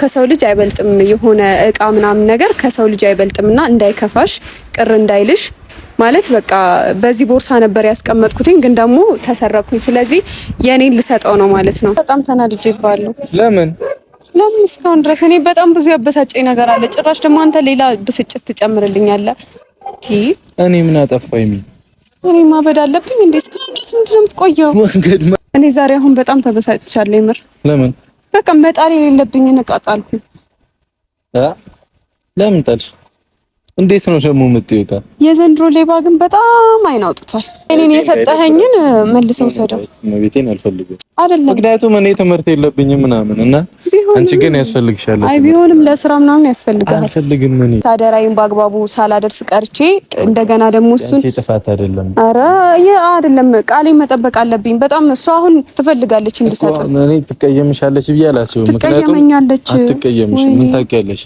ከሰው ልጅ አይበልጥም። የሆነ እቃ ምናምን ነገር ከሰው ልጅ አይበልጥምና እንዳይከፋሽ፣ ቅር እንዳይልሽ ማለት በቃ በዚህ ቦርሳ ነበር ያስቀመጥኩትኝ ግን ደግሞ ተሰረቅኩኝ፣ ስለዚህ የኔን ልሰጠው ነው ማለት ነው። በጣም ተናድጄ ይባሉ። ለምን ለምን እስካሁን ድረስ እኔ በጣም ብዙ ያበሳጨኝ ነገር አለ። ጭራሽ ደግሞ አንተ ሌላ ብስጭት ትጨምርልኛለህ። እኔ ምን አጠፋኝ? እኔ ማበድ አለብኝ እንዴ? እስካሁን ድረስ ምንድን ነው የምትቆየው? እኔ ዛሬ አሁን በጣም ተበሳጭቻለሁ። ይምር ለምን በቃ መጣል የሌለብኝ እቃ ለምን ጠልሽ? እንዴት ነው ደግሞ የምትይውቃ? የዘንድሮ ሌባ ግን በጣም አይን አውጥቷል። እኔን የሰጠኸኝን መልሰው ሰደው ቤቴን አልፈልግም አይደለም፣ ምክንያቱም እኔ ትምህርት የለብኝም ምናምን እና አንቺ ግን ያስፈልግሻል። አይ ቢሆንም ለስራ ምናምን ያስፈልጋል። አልፈልግም እኔ ታደራይን በአግባቡ ሳላደርስ ቀርቼ እንደገና ደግሞ እሱን አንቺ ጥፋት አይደለም። አረ ኧረ አይደለም፣ ቃሌን መጠበቅ አለብኝ በጣም እሱ አሁን ትፈልጋለች እንድሰጥ። እኔ ትቀየምሻለች ብዬ አላስብም። ምክንያቱም አትቀየምሽ። ምን ታውቂያለሽ?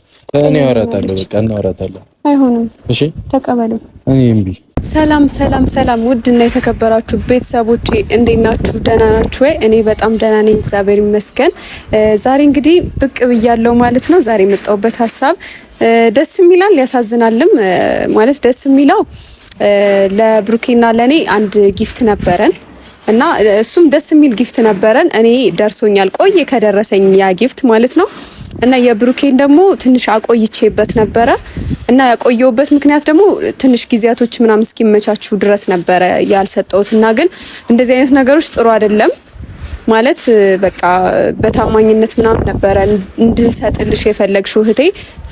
እኔ አወራታለሁ፣ በቃ እናወራታለን አይሆንም። እሺ ተቀበሉ። እኔ እምቢ። ሰላም ሰላም ሰላም! ውድ እና የተከበራችሁ ቤተሰቦቼ እንዴት ናችሁ? ደህና ናችሁ ወይ? እኔ በጣም ደህና ነኝ፣ እግዚአብሔር ይመስገን። ዛሬ እንግዲህ ብቅ ብያለሁ ማለት ነው። ዛሬ የመጣሁበት ሀሳብ ደስ የሚላል ያሳዝናልም። ማለት ደስ የሚለው ለብሩኬና ለእኔ አንድ ጊፍት ነበረን እና እሱም ደስ የሚል ጊፍት ነበረን። እኔ ደርሶኛል፣ ቆየ ከደረሰኝ ያ ጊፍት ማለት ነው እና የብሩኬን ደግሞ ትንሽ አቆይቼበት ነበረ እና ያቆየውበት ምክንያት ደግሞ ትንሽ ጊዜያቶች ምናምን እስኪመቻችሁ ድረስ ነበረ ያልሰጠውት እና ግን እንደዚህ አይነት ነገሮች ጥሩ አይደለም ማለት በቃ በታማኝነት ምናምን ነበረ እንድንሰጥልሽ የፈለግሽው እህቴ፣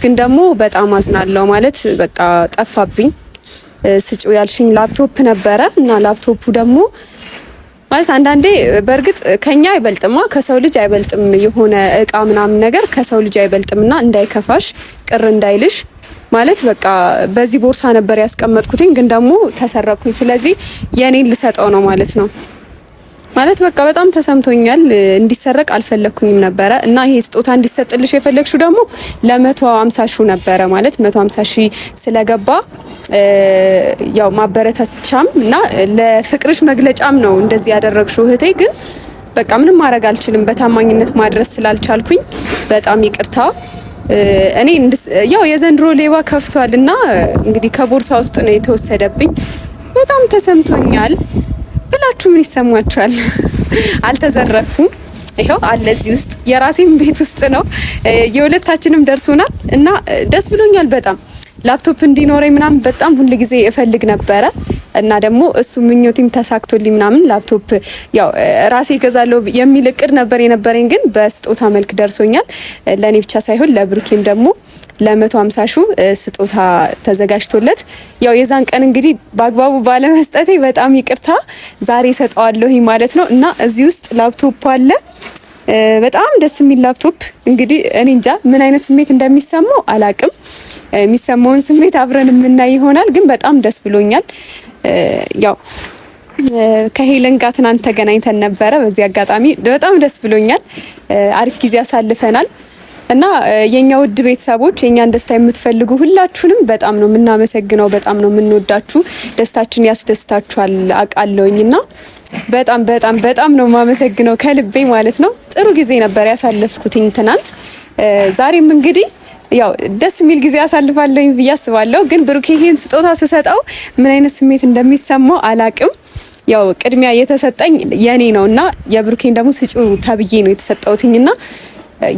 ግን ደግሞ በጣም አዝናለው ማለት በቃ ጠፋብኝ። ስጩ ያልሽኝ ላፕቶፕ ነበረ እና ላፕቶፑ ደግሞ ማለት አንዳንዴ በእርግጥ ከኛ አይበልጥማ ከሰው ልጅ አይበልጥም፣ የሆነ እቃ ምናምን ነገር ከሰው ልጅ አይበልጥምና እንዳይከፋሽ ቅር እንዳይልሽ ማለት በቃ በዚህ ቦርሳ ነበር ያስቀመጥኩትኝ ግን ደግሞ ተሰረቅኩኝ፣ ስለዚህ የኔን ልሰጠው ነው ማለት ነው። ማለት በቃ በጣም ተሰምቶኛል። እንዲሰረቅ አልፈለኩኝም ነበረ እና ይሄ ስጦታ እንዲሰጥልሽ የፈለግሹ ደግሞ ለመቶ ሃምሳ ሺህ ነበረ ማለት መቶ ሃምሳ ሺህ ስለገባ ያው ማበረታቻም እና ለፍቅርሽ መግለጫም ነው እንደዚህ ያደረግሹ እህቴ። ግን በቃ ምንም ማድረግ አልችልም በታማኝነት ማድረስ ስላልቻልኩኝ በጣም ይቅርታ። እኔ ያው የዘንድሮ ሌባ ከፍቷል እና እንግዲህ ከቦርሳ ውስጥ ነው የተወሰደብኝ። በጣም ተሰምቶኛል። ቢኖራችሁ ምን ይሰማችኋል? አልተዘረፉም። ይኸው አለ እዚህ ውስጥ የራሴም ቤት ውስጥ ነው። የሁለታችንም ደርሶናል እና ደስ ብሎኛል በጣም ላፕቶፕ እንዲኖረኝ ምናምን በጣም ሁልጊዜ እፈልግ ነበረ። እና ደግሞ እሱ ምኞቴም ተሳክቶልኝ ምናምን ላፕቶፕ ያው ራሴ እገዛለሁ የሚል እቅድ ነበር የነበረኝ፣ ግን በስጦታ መልክ ደርሶኛል። ለእኔ ብቻ ሳይሆን ለብሩኬም ደግሞ ለመቶ ሃምሳ ሹ ስጦታ ተዘጋጅቶለት ያው የዛን ቀን እንግዲህ በአግባቡ ባለመስጠቴ በጣም ይቅርታ ዛሬ ሰጠዋለሁ ማለት ነው። እና እዚህ ውስጥ ላፕቶፕ አለ። በጣም ደስ የሚል ላፕቶፕ እንግዲህ እኔ እንጃ ምን አይነት ስሜት እንደሚሰማው አላቅም። የሚሰማውን ስሜት አብረን የምናይ ይሆናል። ግን በጣም ደስ ብሎኛል። ያው ከሄለን ጋር ትናንት ተገናኝተን ነበረ። በዚህ አጋጣሚ በጣም ደስ ብሎኛል። አሪፍ ጊዜ አሳልፈናል እና የኛ ውድ ቤተሰቦች የኛን ደስታ የምትፈልጉ ሁላችሁንም በጣም ነው የምናመሰግነው። በጣም ነው የምንወዳችሁ። ደስታችን ያስደስታችኋል አቃለውኝ እና በጣም በጣም በጣም ነው የማመሰግነው ከልቤ ማለት ነው። ጥሩ ጊዜ ነበር ያሳለፍኩትኝ ትናንት። ዛሬም እንግዲህ ያው ደስ የሚል ጊዜ አሳልፋለሁኝ ብዬ አስባለሁ። ግን ብሩኬ ይህን ስጦታ ስሰጠው ምን አይነት ስሜት እንደሚሰማው አላቅም። ያው ቅድሚያ የተሰጠኝ የኔ እና የብሩኬን ደግሞ ስጩ ተብዬ ነው እና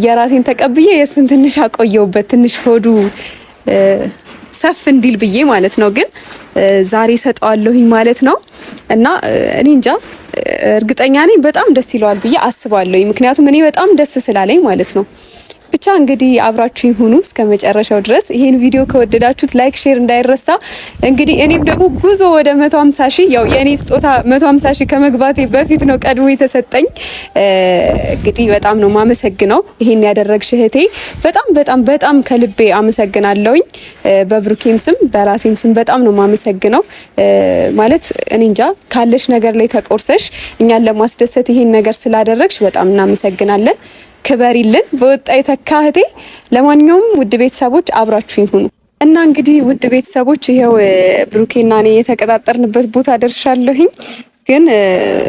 የራሴን ተቀብዬ የእሱን ትንሽ አቆየውበት ትንሽ ሆዱ ሰፍ እንዲል ብዬ ማለት ነው። ግን ዛሬ ሰጠዋለሁኝ ማለት ነው እና እኔ እንጃ እርግጠኛ ነኝ በጣም ደስ ይለዋል ብዬ አስባለሁኝ። ምክንያቱም እኔ በጣም ደስ ስላለኝ ማለት ነው። ብቻ እንግዲህ አብራችሁ ይሁኑ እስከ መጨረሻው ድረስ። ይህን ቪዲዮ ከወደዳችሁት ላይክ፣ ሼር እንዳይረሳ። እንግዲህ እኔም ደግሞ ጉዞ ወደ 150 ሺህ ያው የእኔ ስጦታ 150 ሺህ ከመግባቴ በፊት ነው ቀድሞ የተሰጠኝ። እንግዲህ በጣም ነው ማመሰግነው ይህን ያደረግሽ እህቴ፣ በጣም በጣም በጣም ከልቤ አመሰግናለሁኝ። በብሩኬም ስም በራሴም ስም በጣም ነው ማመሰግነው። ማለት እኔ እንጃ ካለሽ ነገር ላይ ተቆርሰሽ እኛን ለማስደሰት ይህን ነገር ስላደረግሽ በጣም እናመሰግናለን። ክበሪልን በወጣ የተካ እህቴ። ለማንኛውም ውድ ቤተሰቦች አብራችሁ ይሁኑ እና እንግዲህ ውድ ቤተሰቦች ይኸው ብሩኬና እኔ የተቀጣጠርንበት ቦታ ደርሻለሁኝ። ግን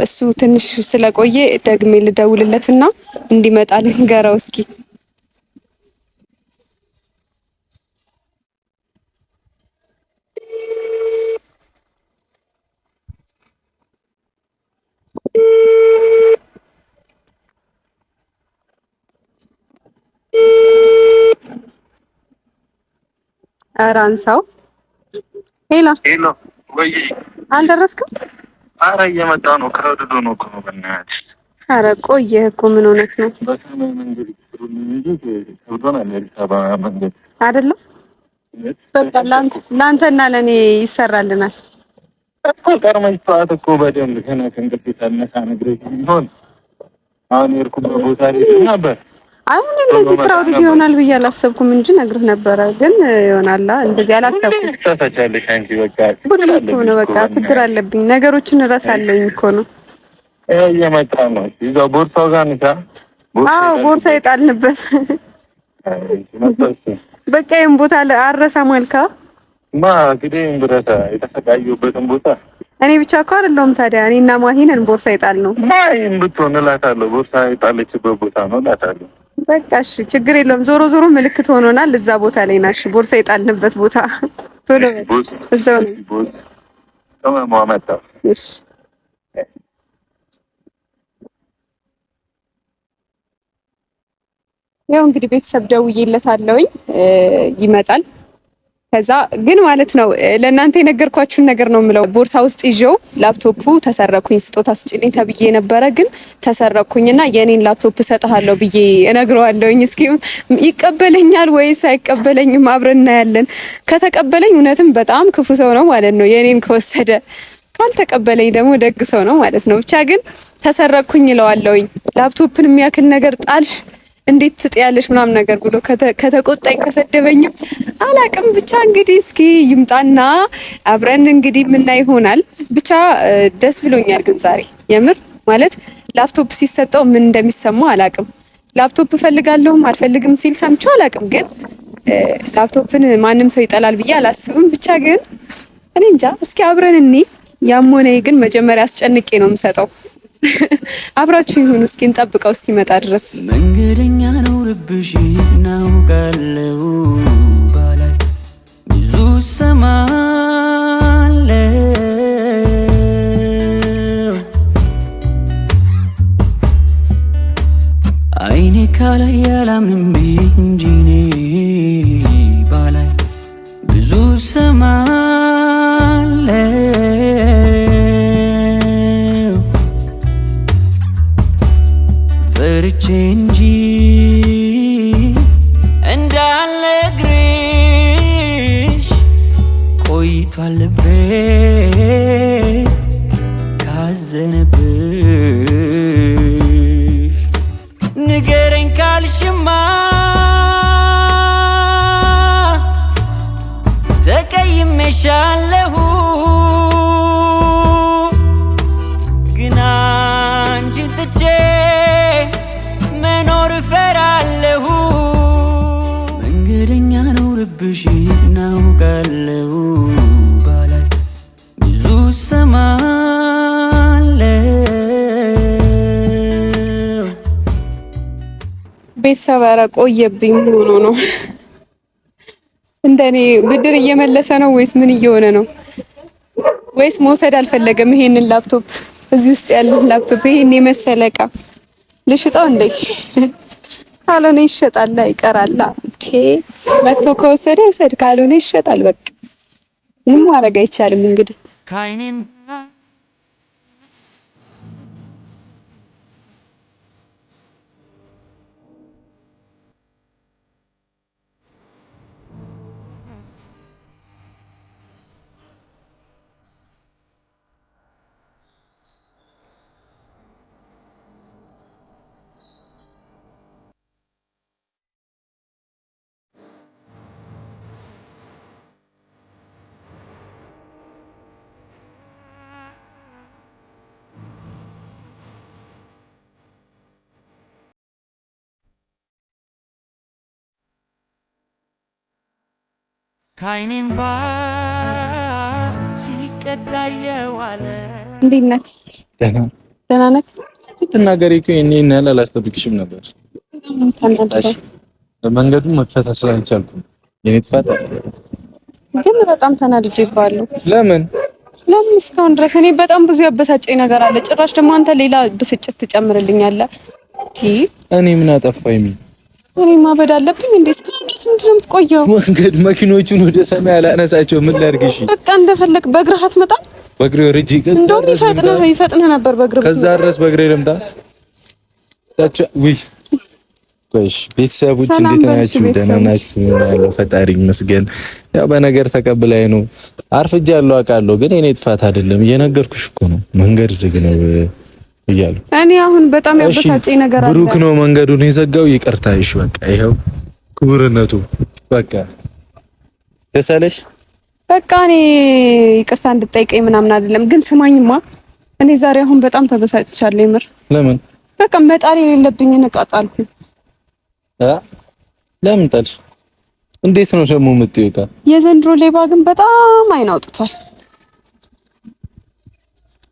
እሱ ትንሽ ስለቆየ ደግሜ ልደውልለትና እንዲመጣ ልንገረው እስኪ። ኧረ አንሳው። ሄሎ ሄሎ፣ ወይ አልደረስክም? አረ እየመጣ ነው። ክረድዶ ነው እኮ በእናትህ። አረ ቆየህ እኮ ምን ሆነህ ነው? አይደለም በቃ ለአንተና ለእኔ ይሰራልናል። ቀርመሽ ጠዋት እኮ በደንብ ከእንቅልፌ ሳልነሳ ነግሬሽ ቢሆን አሁን የሄድኩበት ቦታ ላይ ነበር አሁን እንደዚህ ክራውድ ይሆናል ብዬ አላሰብኩም እንጂ ነግርህ ነበረ። ግን ይሆናላ እንደዚህ አላሰብኩም። ሁሌ ነው በቃ ችግር አለብኝ። ነገሮችን እረሳለኝ እኮ ነው። እየመጣ ነው። ይዛ ቦርሳው ጋር ንሳ። አዎ ቦርሳ የጣልንበት በቃ ይሄን ቦታ አረሳ ማልካ ማ ግዴን ብረታ የተሰቃየሁበትን ቦታ እኔ ብቻ እኮ አይደለሁም ታዲያ እኔና ማሂነን ቦርሳ የጣል ነው። ማሂን ብትሆን እላታለሁ። ቦርሳ የጣለችበት ቦታ ነው እላታለሁ። በቃ እሺ፣ ችግር የለውም። ዞሮ ዞሮ ምልክት ሆኖናል። እዛ ቦታ ላይ ናሽ፣ ቦርሳ የጣልንበት ቦታ ቶሎ እዛው ነው። ያው እንግዲህ ቤተሰብ ደውዬለታለሁኝ ይመጣል። ከዛ ግን ማለት ነው ለእናንተ የነገርኳችሁን ነገር ነው የምለው። ቦርሳ ውስጥ ይዤው ላፕቶፑ ተሰረኩኝ፣ ስጦታ ስጭልኝ ተብዬ ነበረ፣ ግን ተሰረኩኝና የኔን ላፕቶፕ እሰጥሃለሁ ብዬ እነግረዋለሁኝ። እስኪ ይቀበለኛል ወይስ አይቀበለኝም? አብረን እናያለን። ከተቀበለኝ እውነትም በጣም ክፉ ሰው ነው ማለት ነው የኔን ከወሰደ፣ ካልተቀበለኝ ደግሞ ደግ ሰው ነው ማለት ነው። ብቻ ግን ተሰረኩኝ እለዋለሁኝ። ላፕቶፕን የሚያክል ነገር ጣልሽ እንዴት ትጥያለሽ ምናምን ነገር ብሎ ከተቆጣኝ ከሰደበኝም አላቅም። ብቻ እንግዲህ እስኪ ይምጣና አብረን እንግዲህ ምና ይሆናል። ብቻ ደስ ብሎኛል። ግን ዛሬ የምር ማለት ላፕቶፕ ሲሰጠው ምን እንደሚሰማው አላቅም። ላፕቶፕ እፈልጋለሁም አልፈልግም ሲል ሰምቼው አላቅም። ግን ላፕቶፕን ማንም ሰው ይጠላል ብዬ አላስብም። ብቻ ግን እኔ እንጃ እስኪ አብረን እኔ ያም ሆነ ግን መጀመሪያ አስጨንቄ ነው የምሰጠው። አብራችሁ ይሁን እስኪ እንጠብቀው እስኪመጣ ድረስ። መንገደኛ ነው ርብሽ እናውቃለው ባላይ ብዙ ሰማለ አይኔ ካላይ ያላምንም እንጂኔ ባላይ ብዙ ሰማ ጠርቼ እንጂ እንዳልነግርሽ ቆይቷል ልቤ ቤተሰብ ኧረ ቆየብኝ ሆኖ ነው። እንደኔ ብድር እየመለሰ ነው ወይስ ምን እየሆነ ነው? ወይስ መውሰድ አልፈለገም? ይሄንን ላፕቶፕ እዚህ ውስጥ ያለን ላፕቶፕ ይሄን የመሰለ እቃ ልሽጠው እንዴ? ካልሆነ ይሸጣል ይቀራል። ኦኬ መጥቶ ከወሰደ ይውሰድ፣ ካልሆነ ይሸጣል። በቃ ምንም ማድረግ አይቻልም እንግዲህ እንዴት ነህ? ደህና ነህ? ስትናገሪ እኮ እኔ እና አላስጠብቅሽም ነበር። መንገዱን መክፈት ስላልቻልኩም የኔ ጥፋት ግን በጣም ተናድጄብሃለሁ። ለምን ለምን እስካሁን ድረስ እኔ በጣም ብዙ ያበሳጨኝ ነገር አለ። ጭራሽ ደግሞ አንተ ሌላ ብስጭት ትጨምርልኛለህ። እኔ ምን እኔ ማበድ አለብኝ እንዴ? እስካሁን ድረስ ምንድን ነው የምትቆየው? መንገድ መኪኖቹን ወደ ሰማይ አላነሳቸው። ምን ላድርግ? እሺ በቃ እንደፈለግ በእግርህ አትመጣም። በእግሬ ከዛ እንደውም ይፈጥንህ ይፈጥንህ ነበር። በእግሬ ከዛ ድረስ በእግሬ ልምጣ። ቆይሽ ቤተሰቦች እንዴት ናችሁ? ደህና ናችሁ? ፈጣሪ ይመስገን። ያው በነገር ተቀብላኝ ነው። አርፍጃለሁ አውቃለሁ፣ ግን የኔ ጥፋት አይደለም። እየነገርኩሽ እኮ ነው መንገድ ዝግ ነው እያሉ እኔ አሁን በጣም ያበሳጨኝ ነገር አለ። ብሩክ ነው መንገዱን የዘጋው። ይቅርታ እሺ፣ በቃ ይኸው ክቡርነቱ በቃ ደስ በቃ እኔ ይቅርታ እንድጠይቀኝ ምናምን አይደለም፣ ግን ስማኝማ፣ እኔ ዛሬ አሁን በጣም ተበሳጭቻለሁ። የምር ለምን በቃ መጣል የሌለብኝን እቃ ጣልኩ። ለምን ጣልሽ? እንዴት ነው ደግሞ የምትይው እቃ? የዘንድሮ ሌባ ግን በጣም አይናውጥቷል።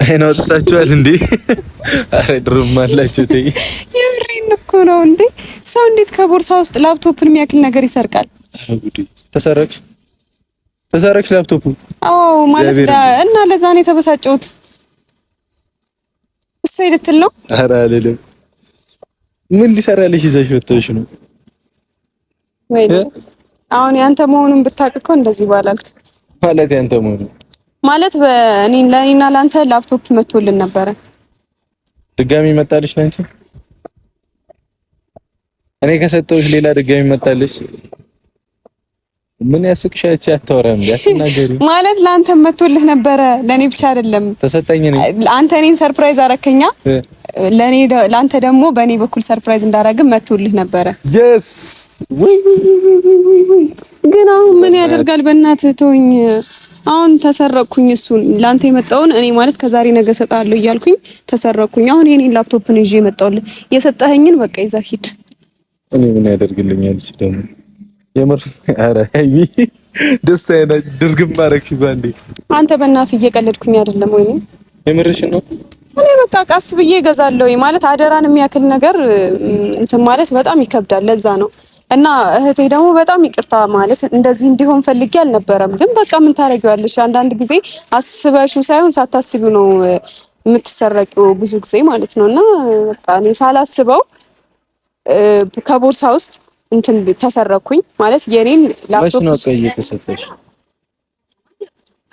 አይን አውጥታችኋል እንዴ? አረ ድሩም አላችሁ። ተይ የምሬን እኮ ነው እንዴ! ሰው እንዴት ከቦርሳ ውስጥ ላፕቶፕን የሚያክል ነገር ይሰርቃል? አረ ጉዴ! ተሰረቅሽ፣ ተሰረቅሽ ተሰረቅሽ ላፕቶፕ? አዎ ማለት እና ለዛ ነው የተበሳጨሁት። እሰይ ልትል ነው? አረ አልልም። ምን ሊሰራልሽ ይዘሽ ወጥተሽ ነው ወይ? አሁን ያንተ መሆኑን ብታውቅ እኮ እንደዚህ ባላልክ። ማለት ያንተ መሆኑን ማለት በእኔ ለኔና ላንተ ላፕቶፕ መቶልን ነበረ። ድጋሚ መጣልሽ ለአንቺ እኔ ከሰጠሁሽ ሌላ ድጋሚ መጣልሽ። ምን ያስቅሻ? እቺ አታወራም ያትናገሪ ማለት ለአንተ መቶልህ ነበረ። ለኔ ብቻ አይደለም ተሰጠኝ። እኔ አንተ እኔን ሰርፕራይዝ አረከኛ። ለኔ ለአንተ ደግሞ በእኔ በኩል ሰርፕራይዝ እንዳረግም መቶልህ ነበረ። የስ ግን አሁን ምን ያደርጋል? በእናትህ ተውኝ አሁን ተሰረቅኩኝ። እሱን ላንተ የመጣውን እኔ ማለት ከዛሬ ነገ ሰጣለሁ እያልኩኝ ተሰረቅኩኝ። አሁን የኔን ላፕቶፕን ይዤ የመጣውል የሰጠኸኝን በቃ ይዛ ሂድ። እኔ ምን ያደርግልኛል? እሱ ደግሞ የምር ኧረ ሀይሚ ደስታ ያና ድርግም ማረክ ባንዴ። አንተ በእናትህ እየቀለድኩኝ አይደለም ወይ? የምርሽ ነው። እኔ በቃ ቀስ ብዬ እገዛለሁ ማለት አደራን የሚያክል ነገር እንትን ማለት በጣም ይከብዳል። ለዛ ነው እና እህቴ ደግሞ በጣም ይቅርታ ማለት እንደዚህ እንዲሆን ፈልጌ አልነበረም፣ ግን በቃ ምን ታደርጊዋለሽ? አንዳንድ ጊዜ አስበሽው ሳይሆን ሳታስቢው ነው የምትሰረቂው ብዙ ጊዜ ማለት ነው። እና በቃ እኔ ሳላስበው ከቦርሳ ውስጥ እንትን ተሰረኩኝ ማለት የኔን ላፕቶፕ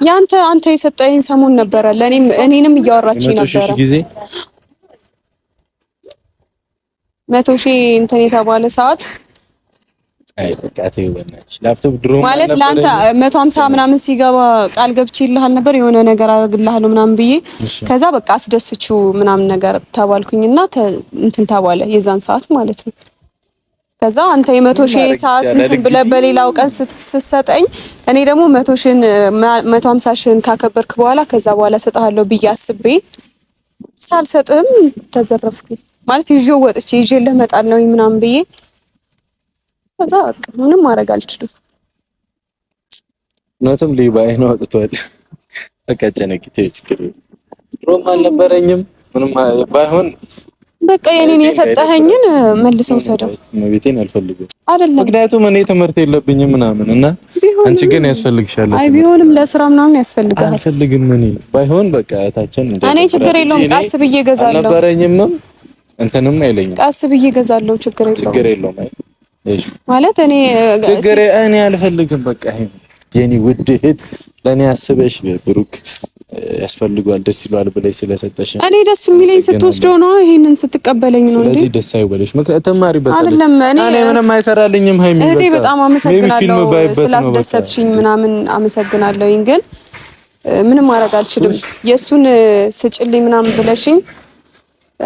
ያንተ አንተ የሰጠኝ ሰሞን ነበረ። ለኔም እኔንም እያወራችኝ ነበረ ጊዜ መቶ ሺህ እንትን የተባለ ሰዓት ላፕቶፕ ድሮ ማለት ለአንተ መቶ ሀምሳ ምናምን ሲገባ ቃል ይልሃል ነበር የሆነ ነገር አደርግልሃለሁ ምናምን ብዬ ከዛ በቃ አስደስችው ምናምን ነገር ተባልኩኝና እንትን ተባለ የዛን ሰዓት ማለት ነው። ከዛ አንተ የመቶ ሺህ ሰዓት እንትን ብለህ በሌላው ቀን ስትሰጠኝ እኔ ደግሞ መቶ ሺህን መቶ ሀምሳ ሺህን ካከበርክ በኋላ ከዛ በኋላ እሰጥሃለሁ ብዬ አስቤ ሳልሰጥህም ተዘረፍኩኝ ማለት ይዤው ወጥቼ ይዤልህ እመጣለሁ ምናምን ብዬ ከዛ ምንም ማድረግ አልችልም። እውነትም ልዩ በአይን አውጥቷል። በቃ ጨነቂት ችግር ድሮም አልነበረኝም። ምንም ባይሆን በቃ የኔን የሰጠኸኝን መልሰው ሰደው ቤቴን አልፈልግም አይደለም። ምክንያቱም እኔ ትምህርት የለብኝም ምናምን እና አንቺ ግን ያስፈልግሻል። አይ ቢሆንም ለስራ ምናምን ያስፈልጋል። አልፈልግም እኔ ባይሆን በቃ ታችን እኔ ችግር የለውም ቃስ ብዬ ገዛለሁ። አልነበረኝምም እንትንም አይለኝም ቃስ ብዬ ገዛለሁ። ችግር የለውም ችግር የለውም ማለት እኔ ችግር እኔ አልፈልግም። በቃ የኔ ውድ እህት ለእኔ አስበሽ ብሩክ ያስፈልገዋል ደስ ይለዋል ብለሽ ስለሰጠሽ እኔ ደስ የሚለኝ ስትወስደው ነው፣ ይሄንን ስትቀበለኝ ነው። ስለዚህ ደስ አይበለሽ ምክንያት ተማሪበት አይደለም። እኔ ምንም አይሰራልኝም። ሃይሚ እህቴ በጣም አመሰግናለሁ ስላስደሰትሽኝ ምናምን አመሰግናለሁኝ፣ ግን ምንም ማድረግ አልችልም። የእሱን ስጭልኝ ምናምን ብለሽኝ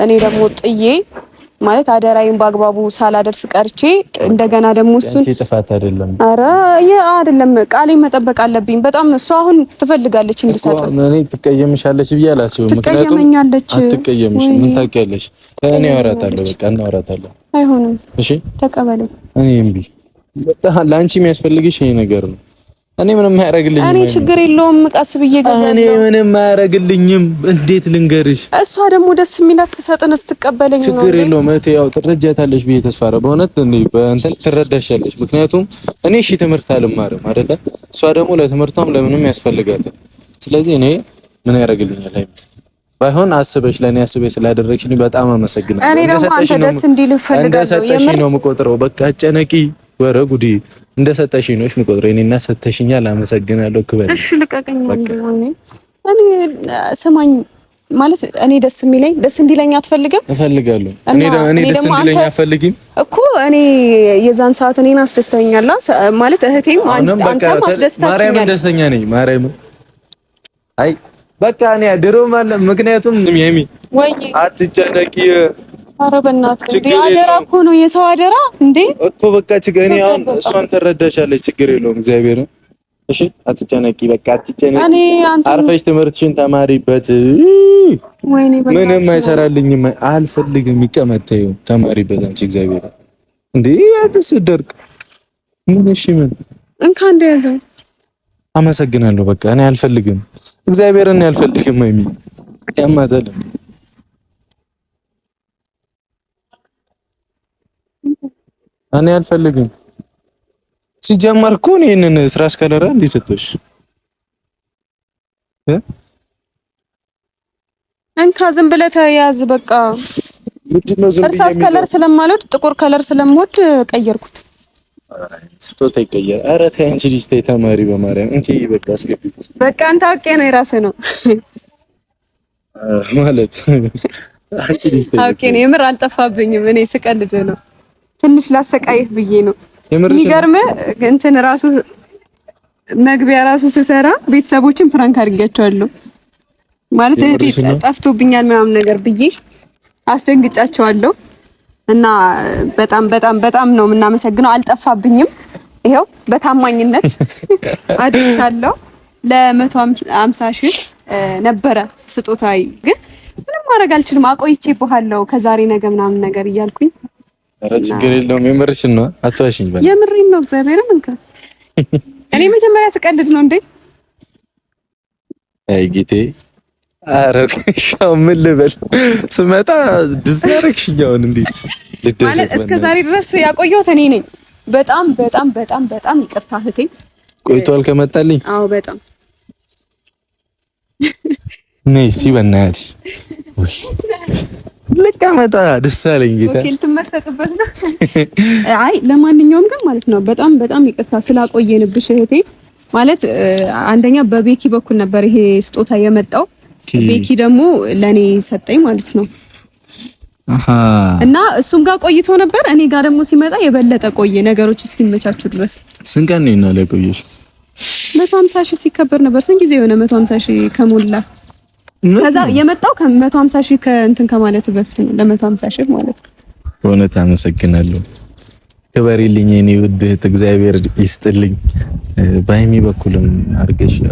እኔ ደግሞ ጥዬ ማለት አደራይን በአግባቡ ሳላደርስ ቀርቼ እንደገና ደግሞ እሱን ጥፋት አይደለም። አረ ኧረ አይደለም፣ ቃሌን መጠበቅ አለብኝ። በጣም እሱ አሁን ትፈልጋለች እንድሰጥ። እኔ ትቀየምሻለች ብዬ አላስብም። ምክንያቱም አትቀየምሽ። ምን ታውቂያለሽ? እኔ አወራታለሁ፣ በቃ እናወራታለን። አይሆንም። እሺ ተቀበለኝ። እኔ እምቢ። ለአንቺ የሚያስፈልግሽ ይሄ ነገር ነው። እኔ ምንም አያረግልኝም። እኔ ችግር የለውም ቀስ ብዬ ገዛለሁ። እኔ ምንም አያረግልኝም። እንዴት ልንገርሽ? እሷ ደግሞ ደስ የሚላት ስሰጥን ስትቀበለኝ ነው። ችግር የለውም እህቴ፣ ያው ትረጃታለሽ ብዬ ተስፋረ በእውነት በእውነት በእንትን ትረዳሻለሽ። ምክንያቱም እኔ እሺ ትምህርት አልማርም አይደለ? እሷ ደግሞ ለትምህርቷም ለምንም ያስፈልጋታል። ስለዚህ እኔ ምን ያደርግልኛል? አይ ባይሆን አስበሽ ለእኔ አስበሽ ስላደረግሽኝ በጣም አመሰግናለሁ። እኔ ደግሞ አንተ ደስ እንዲል ፈልጋለሁ። የምር ነው የምቆጥረው። በቃ አጨነቂ ወረ ጉዲ እንደ ሰጠሽኝ ነው የምቆጥረው። እኔና ሰጠሽኛል፣ አመሰግናለሁ። ክበል። እሺ ልቀቀኝ። እኔ ስማኝ ማለት እኔ ደስ የሚለኝ ደስ እንዲለኝ አትፈልግም? እፈልጋለሁ። እኔ እኔ ደስ እንዲለኝ አትፈልጊም እኮ እኔ የዛን ሰዓት እኔን አስደስተኛላ ማለት እህቴም አንተም አስደስተኛ ማርያምን ደስተኛ ነኝ። ማርያምን አይ በቃ እኔ ድሮ ማለት ምክንያቱም ወይ አትጨነቂ ኧረ በእናትህ እንደ አደራ እኮ ነው የሰው አደራ እንዴ እኮ በቃ ችግር እኔ አሁን እሷን ትረዳሻለች። ችግር የለውም እግዚአብሔር እሺ፣ አትጨነቂ በቃ አትጨነቂ። አርፈሽ ትምህርትሽን ተማሪበት። ምንም አይሰራልኝም፣ አልፈልግም። ይቀመጣዩ ተማሪበት አንቺ እግዚአብሔር እንዴ አትስ ደርቅ ምን እሺ፣ ምን እንካ እንደያዘው አመሰግናለሁ። በቃ እኔ አልፈልግም፣ እግዚአብሔርን አልፈልግም። አይሚ ያማታል እኔ አልፈልግም። ሲጀመር እኮ ይሄንን ስራ አስከለረ እንዴ ሰጠሽ? እንካ ዝም ብለህ ተያዝ። በቃ እርሳስ ከለር ስለማልወድ ጥቁር ከለር ስለምወድ ቀየርኩት። ስጦታ ይቀየር። ኧረ ተይ አንቺ ልጅ ተይ፣ ተማሪ በማርያም እንኪ። በቃ አስገቢ። በቃ አንተ አውቄ ነው የራስህ ነው ማለት አንቺ ልጅ ተይ። አውቄ ነው የምር አልጠፋብኝም። እኔ ስቀልድ ነው ትንሽ ላሰቃይህ ብዬ ነው። የሚገርምህ እንትን ራሱ መግቢያ ራሱ ስሰራ ቤተሰቦችን ፕራንክ አድርጌያቸዋለሁ። ማለት እህቴ ጠፍቶብኛል ምናምን ነገር ብዬ አስደንግጫቸዋለሁ። እና በጣም በጣም በጣም ነው የምናመሰግነው። አልጠፋብኝም፣ ይኸው በታማኝነት አድርሻለሁ። ለመቶ አምሳ ሺህ ነበረ ስጦታ፣ ግን ምንም ማድረግ አልችልም። አቆይቼ ይባሃለው ከዛሬ ነገ ምናምን ነገር እያልኩኝ ኧረ ችግር የለውም። የምርሽን ነው አትዋሽኝ። የምሬን ነው። እግዚአብሔርን እንካ እኔ መጀመሪያ ስቀልድ ነው እንዴ? አይ ጌቴ፣ ኧረ ሻው ምን ልበል ስመጣ ድዝ ያደረግሽኝ። አሁን እንዴት ማለት እስከ ዛሬ ድረስ ያቆየሁት እኔ ነኝ። በጣም በጣም በጣም በጣም ይቅርታ እህቴ። ቆይቷል ከመጣልኝ። አዎ በጣም ነይ እስኪ በእናትሽ ልቀመጣ ደስ አለኝ ጌታ ልትመሰጥበት ነው። አይ ለማንኛውም ግን ማለት ነው በጣም በጣም ይቅርታ ስላቆየንብሽ እህቴ። ማለት አንደኛ በቤኪ በኩል ነበር ይሄ ስጦታ የመጣው፣ ቤኪ ደግሞ ለኔ ሰጠኝ ማለት ነው። እና እሱም ጋር ቆይቶ ነበር፣ እኔ ጋር ደግሞ ሲመጣ የበለጠ ቆየ። ነገሮች እስኪመቻቹ ድረስ ስንት ቀን ነው እና ለቆየሽ? 150 ሺህ ሲከበር ነበር። ስንት ጊዜ የሆነ 150 ሺህ ከሞላ ከዛ የመጣው ከ150 ሺህ ከእንትን ከማለት በፊት ነው። ለ150 ሺህ ማለት ነው። በእውነት አመሰግናለሁ። ክበሪልኝ የኔ ውድ እህት፣ እግዚአብሔር ይስጥልኝ። በሀይሚ በኩልም አድርገሽ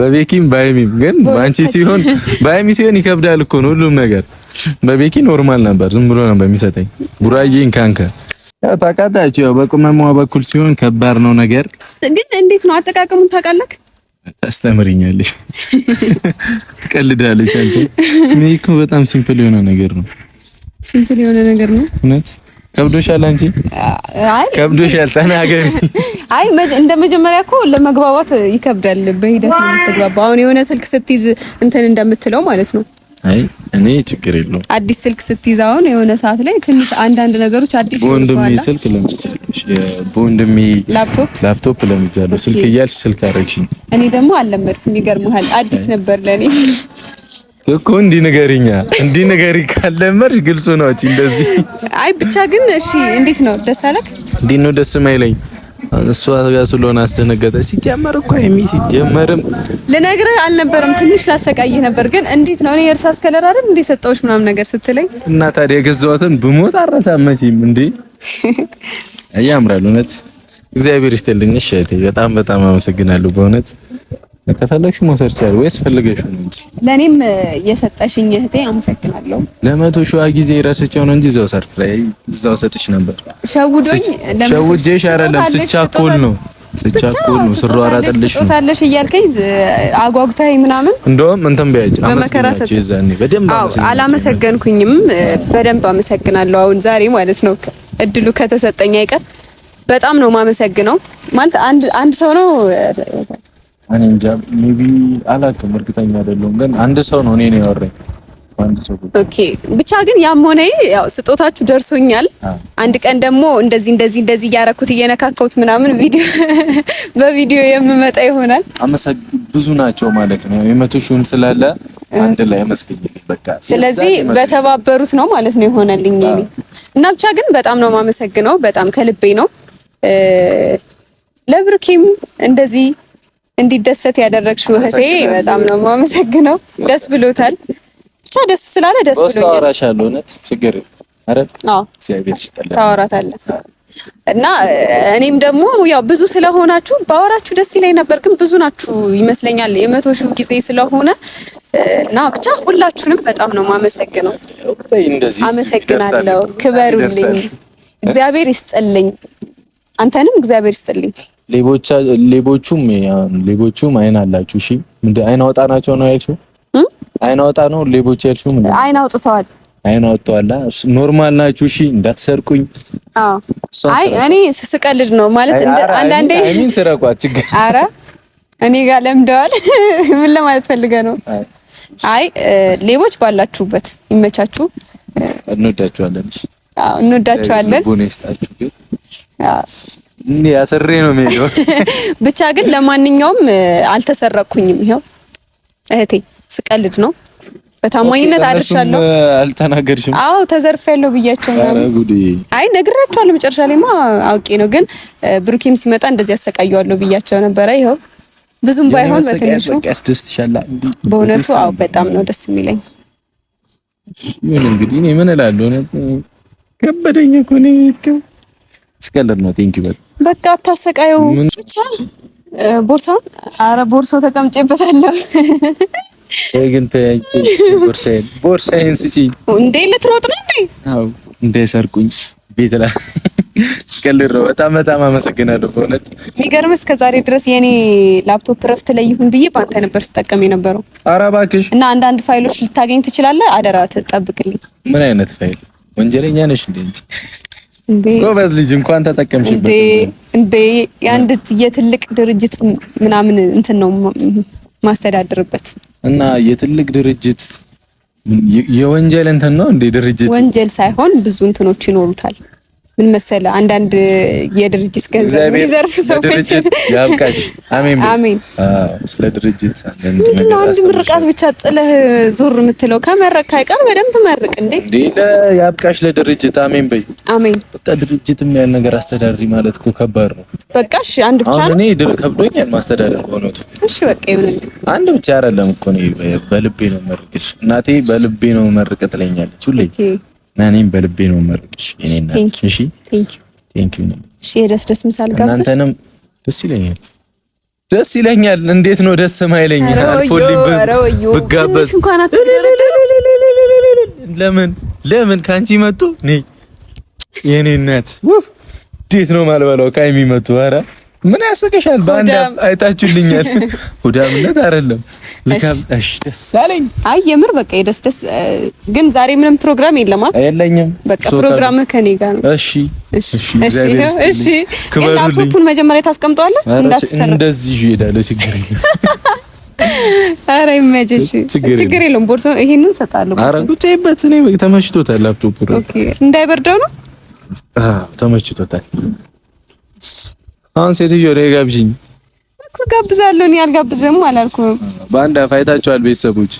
በቤኪም በሀይሚም ግን በአንቺ ሲሆን በሀይሚ ሲሆን ይከብዳል እኮ ነው ሁሉም ነገር። በቤኪ ኖርማል ነበር፣ ዝም ብሎ ነበር የሚሰጠኝ። ቡራዬን ካንከ ታውቃታችሁ፣ በቁመሟ በኩል ሲሆን ከባድ ነው ነገር። ግን እንዴት ነው አጠቃቀሙን ታውቃለህ? ታስተምርኛለች፣ ትቀልዳለች። አንተ እኔ እኮ በጣም ሲምፕል የሆነ ነገር ነው። ሲምፕል የሆነ ነገር ነው። እውነት ከብዶሻል? አንቺ ከብዶሻል? ተናገሪ። አይ እንደ መጀመሪያ እኮ ለመግባባት ይከብዳል። በሂደት ነው የምትግባባው። አሁን የሆነ ስልክ ስትይዝ እንትን እንደምትለው ማለት ነው አይ እኔ ችግር የለውም። አዲስ ስልክ ስትይዝ አሁን የሆነ ሰዓት ላይ ትንሽ አንዳንድ ነገሮች አዲስ በወንድሜ ስልክ ለምጃለሽ፣ በወንድሜ ላፕቶፕ ላፕቶፕ ለምጃለሁ። ስልክ እያልሽ ስልክ አረግሽኝ። እኔ ደግሞ አልለመድኩም። ይገርምሃል፣ አዲስ ነበር ለኔ እኮ እንዲህ ንገሪኛ፣ እንዲህ ንገሪ ካለመርሽ ግልጹ ነው። እንደዚህ አይ ብቻ ግን እሺ፣ እንዴት ነው ደስ አለክ? እንዴት ነው ደስ የማይለኝ እሷ ጋር ስለሆነ አስደነገጠ። ሲጀመር እኮ የሚ ሲጀመርም ልነግርህ አልነበረም ትንሽ ላሰቃይ ነበር። ግን እንዴት ነው እኔ የእርሳስ ከለር አይደል እንዴ ሰጠሁሽ ምናምን ነገር ስትለኝ እና ታዲያ የገዛሁትን ብሞት አረሳም መቼም እንዴ ያምራል። እውነት እግዚአብሔር ይስጥልኝ። እሺ እህቴ በጣም በጣም አመሰግናለሁ በእውነት ከፈለግሽ መውሰድ ሳይሆን ወይስ ፈልገሽ ነው እንጂ ለኔም የሰጠሽኝ እህቴ አመሰግናለሁ። ለመቶ ሺዋ ጊዜ ረስቼው ነው እንጂ እዛው ሰርፕራይዝ እዛው ሰጥሽ ነበር። ሸውዶኝ ሸውጄሽ አይደለም ስቻኮል ነው ስቻኮል ነው ስሩ አራጥልሽ ነው ታለሽ እያልከኝ አጓጉታይ ምናምን እንደውም እንትን በያጭ አመሰግናለሁ። ይዛኔ በደንብ አመሰግናለሁ። አላመሰገንኩኝም። በደንብ አመሰግናለሁ። አሁን ዛሬ ማለት ነው እድሉ ከተሰጠኝ አይቀር በጣም ነው ማመሰግነው። ማለት አንድ አንድ ሰው ነው እኔ እንጃ ሜቢ አላውቅም፣ እርግጠኛ አይደለሁም። ግን አንድ ሰው ነው እኔ ነው ያወራኝ። ኦኬ ብቻ ግን ያም ሆነ ያው ስጦታችሁ ደርሶኛል። አንድ ቀን ደግሞ እንደዚህ እንደዚህ እንደዚህ እያረኩት እየነካከውት ምናምን ቪዲዮ በቪዲዮ የምመጣ ይሆናል። ብዙ ናቸው ማለት ነው የመቶ ሺህም ስላለ አንድ ላይ መስገኝ በቃ። ስለዚህ በተባበሩት ነው ማለት ነው የሆነልኝ እኔ እና ብቻ ግን በጣም ነው የማመሰግነው፣ በጣም ከልቤ ነው ለብሩኬም እንደዚህ እንዲደሰት ያደረግሽው እህቴ በጣም ነው የማመሰግነው። ደስ ብሎታል። ብቻ ደስ ስላለ ደስ ብሎኛል። ችግር ታወራታለህ እና እኔም ደግሞ ያው ብዙ ስለሆናችሁ ባወራችሁ ደስ ይለኝ ነበር፣ ግን ብዙ ናችሁ ይመስለኛል። የመቶ ሺህ ጊዜ ስለሆነ እና ብቻ ሁላችሁንም በጣም ነው የማመሰግነው። አመሰግናለሁ። ክበሩልኝ። እግዚአብሔር ይስጥልኝ። አንተንም እግዚአብሔር ይስጥልኝ። ሌቦቹም ሌቦቹም አይን አላችሁ። እሺ ምንድን አይን አውጣ ናቸው ነው ያልሽው? አይን አውጣ ነው ሌቦች ያልሽው? ምንድን አይን አውጥተዋል፣ አይን አውጥተዋል። ኖርማል ናችሁ። እሺ እንዳትሰርቁኝ። አዎ አይ እኔ ስቀልድ ነው ማለት እንደ አንዳንዴ አይን ስረቋት ችግር ኧረ እኔ ጋር ለምደዋል። ምን ለማለት ፈልገ ነው? አይ ሌቦች ባላችሁበት ይመቻችሁ። እንወዳችኋለን። እሺ አዎ እንወዳችኋለን። ልቡን ይስጣችሁ ግን ያሰሬ ነው የሚሄደው። ብቻ ግን ለማንኛውም አልተሰረቅኩኝም። ይሄው እህቴ ስቀልድ ነው። በታማኝነት አድርሻለሁ። አልተናገርሽም? አዎ ተዘርፌያለሁ ብያቸው ነው። አይ ነግራቸዋለሁ። መጨረሻ ላይማ አውቄ ነው፣ ግን ብሩኬም ሲመጣ እንደዚህ ያሰቃየዋለሁ ብያቸው ነበረ። ይኸው ብዙም ባይሆን በትንሹ ያስደስትሻል። በእውነቱ አዎ በጣም ነው ደስ የሚለኝ። ምን እንግዲህ እኔ ምን እላለሁ፣ ከበደኝ እኮ ነው። ስቀልድ ነው። ቴንኪው በጣም በቃ አታሰቃየው ብቻ ቦርሳውን። አረ ቦርሳው ተቀምጬበታለሁ። ወይ ግን ቦርሳዬን ቦርሳዬን ስጪኝ። እንዴ ልትሮጥ ነው እንዴ? አዎ እንዳይሰርቁኝ ቤት ላይ ስቀልድ በጣም በጣም አመሰግናለሁ በእውነት የሚገርም እስከ ዛሬ ድረስ የኔ ላፕቶፕ ረፍት ላይ ይሁን ብዬ ባንተ ነበር ስጠቀም የነበረው። አረ እባክሽ። እና አንዳንድ ፋይሎች ልታገኝ ትችላለህ። አደራ ተጠብቅልኝ። ምን አይነት ፋይል? ወንጀለኛ ነሽ እንዴ? ጎበዝ ልጅ እንኳን ተጠቀምሽበት። እንዴ የአንድ የትልቅ ድርጅት ምናምን እንትን ነው ማስተዳድርበት እና የትልቅ ድርጅት የወንጀል እንትን ነው እንዴ ድርጅት ወንጀል ሳይሆን ብዙ እንትኖች ይኖሩታል። ምን መሰለ አንዳንድ የድርጅት ገንዘብ የሚዘርፍ ሰዎች ያብቃሽ። አሜን አሜን። ስለ ድርጅት ምንድነው አንድ ምርቃት ብቻ ጥለህ ዞር የምትለው? ከመረቅ አይቀር በደንብ መርቅ እንዴ። ዲለ ያብቃሽ ለድርጅት አሜን በይ። አሜን በቃ ድርጅት የሚያል ነገር አስተዳሪ ማለት እኮ ከባድ ነው። በቃ እሺ አንድ ብቻ ነው። እኔ ድር ከብዶኛል ማስተዳደር በእውነቱ። እሺ በቃ ይሁን። አንድ ብቻ አይደለም እኮ ነው። በልቤ ነው መርቅሽ እናቴ፣ በልቤ ነው መርቅ ትለኛለች ሁሌ እና እኔም በልቤ ነው መርቅሽ። እሺ እሺ፣ የደስ ደስ ምሳል ጋብዘ እናንተንም ደስ ይለኛል፣ ደስ ይለኛል። እንዴት ነው ደስ ማይለኝ? አልፎልኝ ብጋበዝ ለምን ለምን ከአንቺ መጡ? እኔ የኔ እናት ውፍ እንዴት ነው ማልበላው? ከሀይሚ መጡ። ኧረ ምን ያሰቀሻል? በአንድ አይታችሁልኛል። ሁዳምነት አይደለም። እሺ ደስ አለኝ። አይ የምር በቃ የደስ ደስ ግን ዛሬ ምንም ፕሮግራም የለም አይደል? የለኝም። በቃ ፕሮግራም ከኔ ጋር ነው። እሺ እሺ እሺ። እሺ። ላፕቶፑን መጀመሪያ ታስቀምጠዋለህ እንዳትሰራ። እንደዚህ ይዤ እሄዳለሁ። ችግር የለም። ኧረ ይመችሽ። ችግር የለውም። ቦርሶ ይሄንን ሰጣለሁ። አረ ቁጭ እኔ ተመችቶታል። ላፕቶፑ ኦኬ። እንዳይበርደው ነው። አዎ ተመችቶታል። አሁን ሴትዮ ላይ ጋብዥኝ እኮ ጋብዛለሁ። እኔ አልጋብዘም አላልኩም። በአንድ አፋይታችኋል። ቤተሰቦች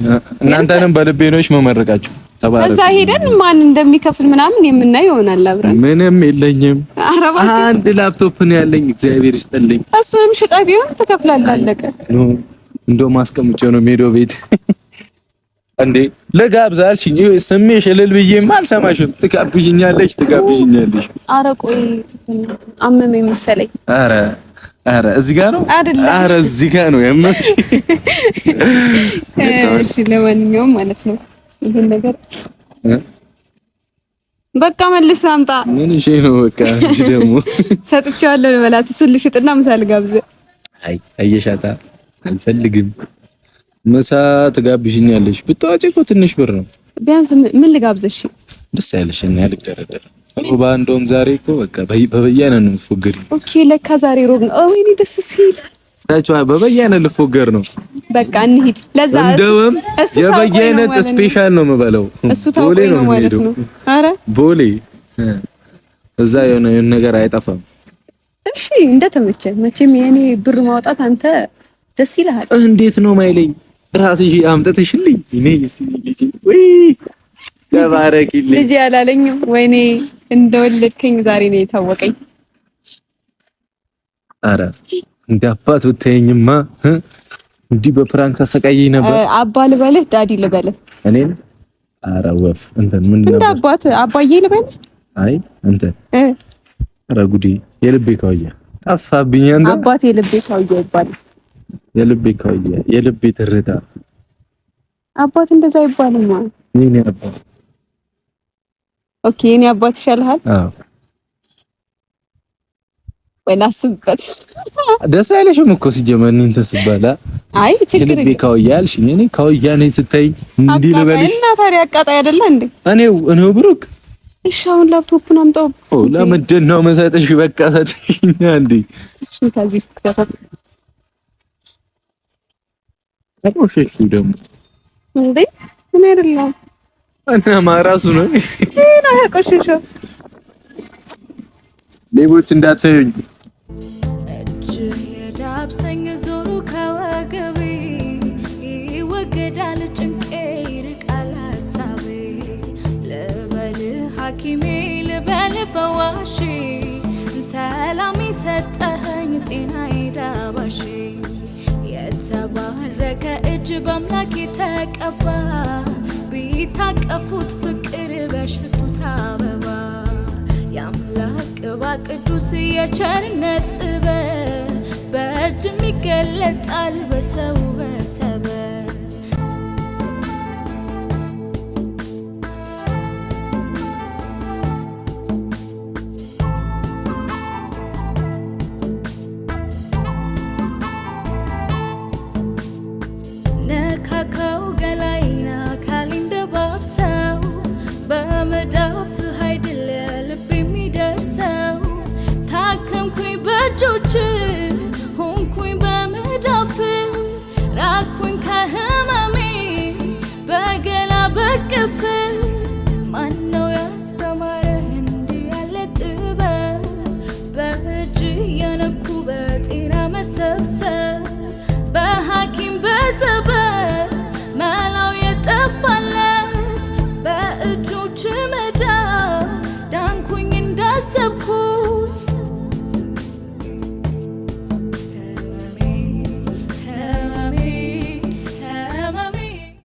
እናንተንም በልቤ ነው መመረቃችሁ። ተባረክ። እዛ ሄደን ማን እንደሚከፍል ምናምን የምናይ ይሆናል አብረን። ምንም የለኝም፣ አንድ ላፕቶፕ ነው ያለኝ። እግዚአብሔር ይስጥልኝ። እሱንም ሽጠ ቢሆን ትከፍላለህ። አለቀ። ኖ እንደውም አስቀምጬው ነው የምሄደው ቤት እንዴ ለጋብዛ አልሽኝ። ስሜሽ እልል ብዬማ አልሰማሽም። ትጋብዥኛለሽ ትጋብዥኛለሽ። ኧረ ቆይ አመመኝ መሰለኝ። አረ እዚህ ጋር ነው እዚህ ጋር ነው ያመመሽ። እሺ ለማንኛውም ማለት ነው ይሄን ነገር በቃ መልስ አምጣ። ምን እሺ ነው በቃ እሺ። ደግሞ ሰጥቼዋለሁ ልበላት። እሱን ልሽጥና ምሳ ልጋብዝ። አይ አየሻታ አልፈልግም ምሳ ትጋብዥኛለሽ። ብታወጪ እኮ ትንሽ ብር ነው። ቢያንስ ምን ልጋብዘሽ? ደስ ያለሽ እና ያልደረደረ ሮባ። እንደውም ዛሬ እኮ በቃ በበያነ ነው የምትፎገሪ። ኦኬ፣ ለካ ዛሬ ሮብ ነው። ወይኔ ደስ ሲል ታቻው። በበያነ ልፎገር ነው። በቃ እንሂድ። ለዛ እንደውም የበያነ ስፔሻል ነው የምበለው። እሱ ታውቆ ነው ማለት ነው። አረ ቦሌ እዛ የሆነ ነገር አይጠፋም። እሺ፣ እንደተመቸ መቼም የኔ ብር ማውጣት አንተ ደስ ይልሃል። እንዴት ነው ማይለኝ ራስሽ አምጥተሽልኝ እኔ እስቲ ልጅ ወይ ተባረክልኝ። ልጅ ያላለኝም ወይኔ እንደወለድከኝ ዛሬ ነው የታወቀኝ። አረ እንደ አባት ብታየኝማ እንዲህ በፕራንክ አሰቃየኝ ነበር። አባ ልበልህ? ዳዲ ልበልህ? እኔን አረ ወፍ እንትን ምን እንደ አባት አባዬ ልበልህ? አይ እንትን አረ ጉዴ የልቤ ካውያ ጠፋብኝ። አንተ አባቴ የልቤ ካውያ ይባላል። የልቤ ካየ የልቤ ትርታ አባት እንደዛ ይባልማ። የኔ አባት ኦኬ፣ የኔ አባት ይሻልሃል። አዎ ወላ ደስ አይለሽም እኮ ሲጀመር እኔን ተስባላ። አይ ችግር የልቤ ካውያ አልሽኝ። እኔ ካውያ ነኝ ስታይ እንዲህ ልበልሽ እና ታዲያ አቃጣይ አይደለ እንዴ? እኔው እኔው ብሩክ እሺ አሁን ላፕቶፑን አምጣው። ለምንድን ነው መሰጠሽ? በቃ ሰጥሽኛ እንዴ። እሺ ከዚህ ውስጥ ቆሸሹ ደግሞ እንዴ ምን አይደለም እና ማራሱ ነው እና ቆሸሹ ሌቦች እንዳትዩኝ እጅ የዳብሰኝ ዞሩ ከወገቤ ይወገዳል ጭንቄ ይርቃል ሀሳቤ ልበል ሐኪሜ ልበል ፈዋሽ ሰላም ይሰጠ በአምላክ የተቀባ ቢታቀፉት ፍቅር በሽቱት አበባ የአምላክ ቅባ ቅዱስ የቸርነት ጥበብ በእጅ የሚገለጣል በሰው በሰ